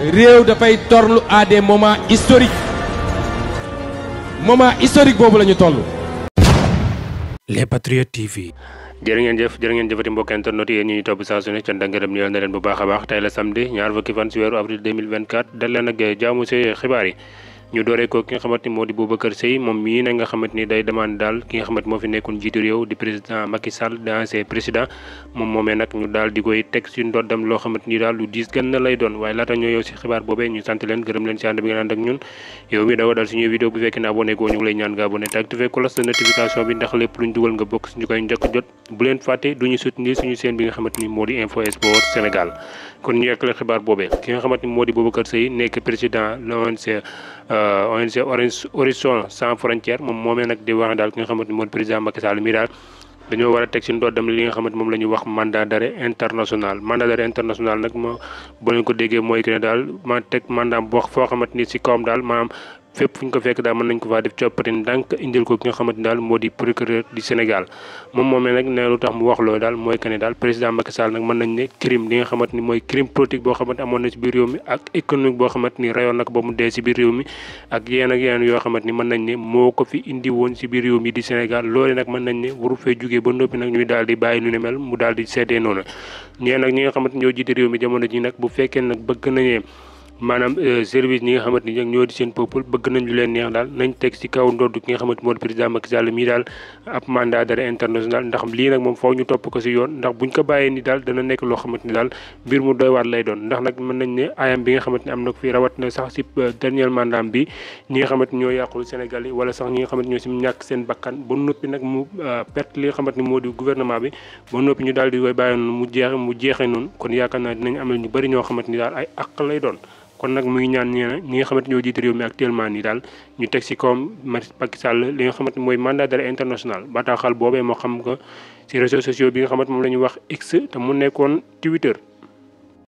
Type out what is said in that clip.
réew dafay torlu à des moments historiques moment historique boobu la ñu toll. Les TV. jërë jëf jërë jëfati mbokk internet yi yéen ñuy saa su ne cant ak leen bu baax a baax tey la samedi ñaar fukki fan si weeru avril 2024 dal leen ak jaamu si xibaar yi. ñu dooree ki nga xamante ni moo di Boubacar Sèye moom mii na nga xamante ni day demande daal ki nga xamante moo fi nekkoon jiitu réew di président Macky di ancien président moo di Info Sport nekk président l'ONC Euh, ONG Horizon sans frontières moom moomee nag di wax daal ki nga xamante ni mooy président Macky Sall mii daal dañoo war a teg si ndoddam li nga xamante moom la ñuy wax mandat d'arrêt international mandat d'arrêt international nag ma boo déggee mooy que ne daal ma teg mandat boo foo xamante ni si kawam daal maam fépp fu ñu ko fekk daal mën nañ ko faa def coppite ndànk indil ko ki nga xamante ni daal moo di procureur du Sénégal moom moomee nag nee lu tax mu wax loolu daal mooy que ne daal président Macky Sall nag mën nañ ne crime li nga xamante ni mooy crime politique boo xamante amoon na ci biir réew mi ak économique boo xamante ni rayoon na ko ba mu ci biir réew mi ak yéen yoo xamante ni mën nañ ne moo ko fi indi woon ci biir réew mi di Sénégal loole nag mën nañ ne waru fee jugee ba noppi nag ñuy daal di bàyyi nu ne mel mu daal di seddee noonu ñee nag ñi nga xamante ni ñoo jiite réew mi jamono ji nag bu fekkee nag bëgg nañee maanaam euh, service ñi nga xamante ni ñoo di seen peuple bëgg nañ leen neex daal nañ teg ci kaw ndodd ki nga xamante moo di président Macky Sall mii daal ab mandat lii nag moom foog ñu topp ko ci yoon ndax buñ ko bàyyee ni daal dana nekk loo xamante ni daal mbir mu lay doon ndax nag mën nañ ne ayam bi nga xamante ni am na ko fii rawat na sax ci euh, dernier mandat bi ñi nga xamante ñoo yàqul Sénégal yi wala sax ñi nga xamante ñoo ci ñàkk seen bakkan ba noppi nag mu euh, perte li nga xamante ni moo di gouvernement bi ba noppi ñu daal di koy bàyyi mu jeex mu jeexee noonu kon yaakaar naa dinañ amal ñu bari ñoo xamante ni daal ay àq lay doon kon nag ngi ñaan ñeena ñi nga xamante ñoo jiite réew mi actuellement nii daal ñu teg ci koom Macky Sall li nga xamante mooy mandat d'arrêt international bataaxal boobee moo xam ko ci réseaux sociaux bi nga xamante moom lañu ñuy wax X te mu nekkoon Twitter.